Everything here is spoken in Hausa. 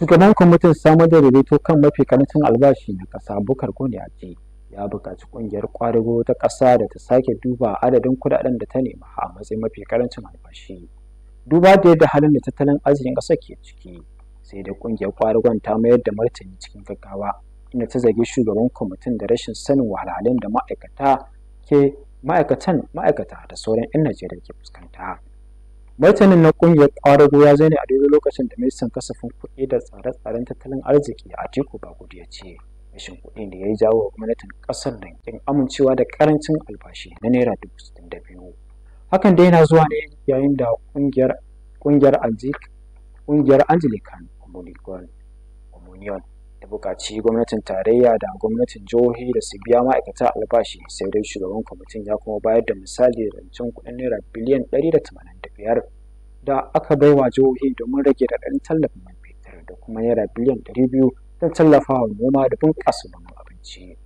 Shugaban kwamitin samar da daidaito kan mafi karancin albashi na ƙasa Bukar ce, ya buƙaci ƙungiyar ƙwarigo ta ƙasa da ta sake duba adadin kuɗaɗen da ta nema a matsayin mafi karancin albashi. Duba da yadda halin da tattalin arzikin ƙasa ke ciki, sai da ƙungiyar ƙwarigon ta mayar da martani cikin gaggawa inda ta zargi shugaban kwamitin da rashin sanin wahalhalun da ma'aikata ke ma'aikatan ma'aikata da sauran 'yan Najeriya ke fuskanta. martanin na ƙungiyar ƙwarago ya zai ne a daidai lokacin da ministan kasafin kuɗi da tsare-tsaren tattalin arziki a teku bagudi ya ce rashin kuɗi da ya yi jawo wa gwamnatin ƙasar da ƙin amincewa da ƙarancin albashi na naira dubu sittin da biyu hakan dai yana zuwa ne yayin da kungiyar kungiyar kungiyar anglican communion da buƙaci gwamnatin tarayya da gwamnatin jihohi da su biya ma'aikata albashi sai dai shugaban kwamitin ya kuma bayar da misali da rancen kuɗin naira biliyan ɗari da tamanin da biyar da aka bai wa jihohi domin rage raɗaɗin tallafin man fetur da kuma naira biliyan 200 don tallafawa noma da bunƙasa noman abinci.